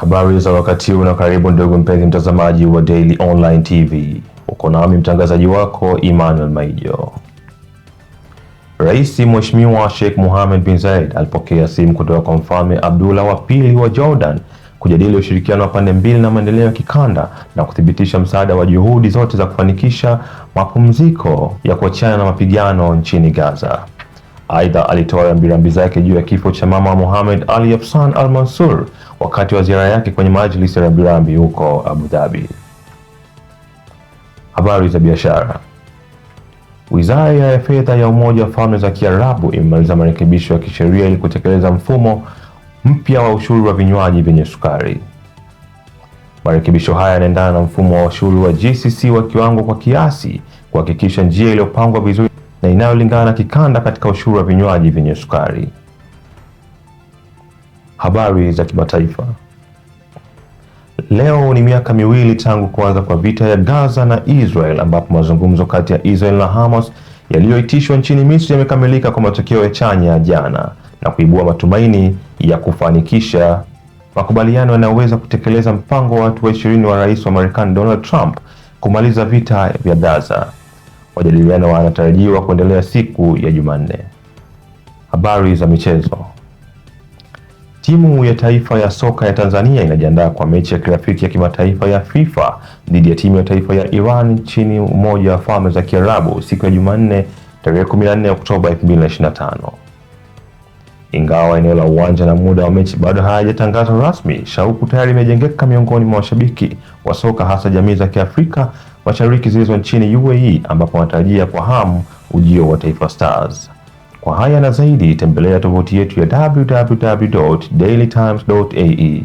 Habari za wakati huu na karibu ndugu mpenzi mtazamaji wa Daily Online TV. Uko nami mtangazaji wako Emmanuel Maijo. Rais Mheshimiwa Sheikh Mohammed bin Zayed alipokea simu kutoka kwa Mfalme Abdullah wa pili wa Jordan kujadili ushirikiano wa pande mbili na maendeleo ya kikanda na kuthibitisha msaada wa juhudi zote za kufanikisha mapumziko ya kuachana na mapigano nchini Gaza. Aidha, alitoa rambirambi zake juu ya kifo cha mama Mohamed Ali Afsan Al Mansur wakati wa ziara yake kwenye majlisi ya rambirambi huko Abu Dhabi. Habari za biashara. Wizara ya fedha ya Umoja wa Falme za Kiarabu imemaliza marekebisho ya kisheria ili kutekeleza mfumo mpya wa ushuru wa vinywaji vyenye sukari. Marekebisho haya yanaendana na mfumo wa ushuru wa GCC wa kiwango kwa kiasi, kuhakikisha njia iliyopangwa vizuri na inayolingana na kikanda katika ushuru wa vinywaji vyenye sukari. Habari za kimataifa. Leo ni miaka miwili tangu kuanza kwa vita ya Gaza na Israel ambapo mazungumzo kati ya Israel na Hamas yaliyoitishwa nchini Misri yamekamilika kwa matokeo ya chanya jana na kuibua matumaini ya kufanikisha makubaliano yanayoweza kutekeleza mpango wa watu wa ishirini wa rais wa Marekani Donald Trump kumaliza vita vya Gaza. Majadiliano yanatarajiwa kuendelea siku ya Jumanne. Habari za michezo. Timu ya taifa ya soka ya Tanzania inajiandaa kwa mechi ya kirafiki ya kimataifa ya FIFA dhidi ya timu ya taifa ya Iran chini Umoja wa Falme za Kiarabu siku ya Jumanne tarehe 14 Oktoba 2025. Ingawa eneo la uwanja na muda wa mechi bado hayajatangazwa rasmi, shauku tayari imejengeka miongoni mwa washabiki wa soka hasa jamii za Kiafrika mashariki zilizo nchini UAE ambapo wanatarajia kwa hamu ujio wa Taifa Stars. Kwa haya na zaidi, tembelea tovuti yetu ya www.dailytimes.ae.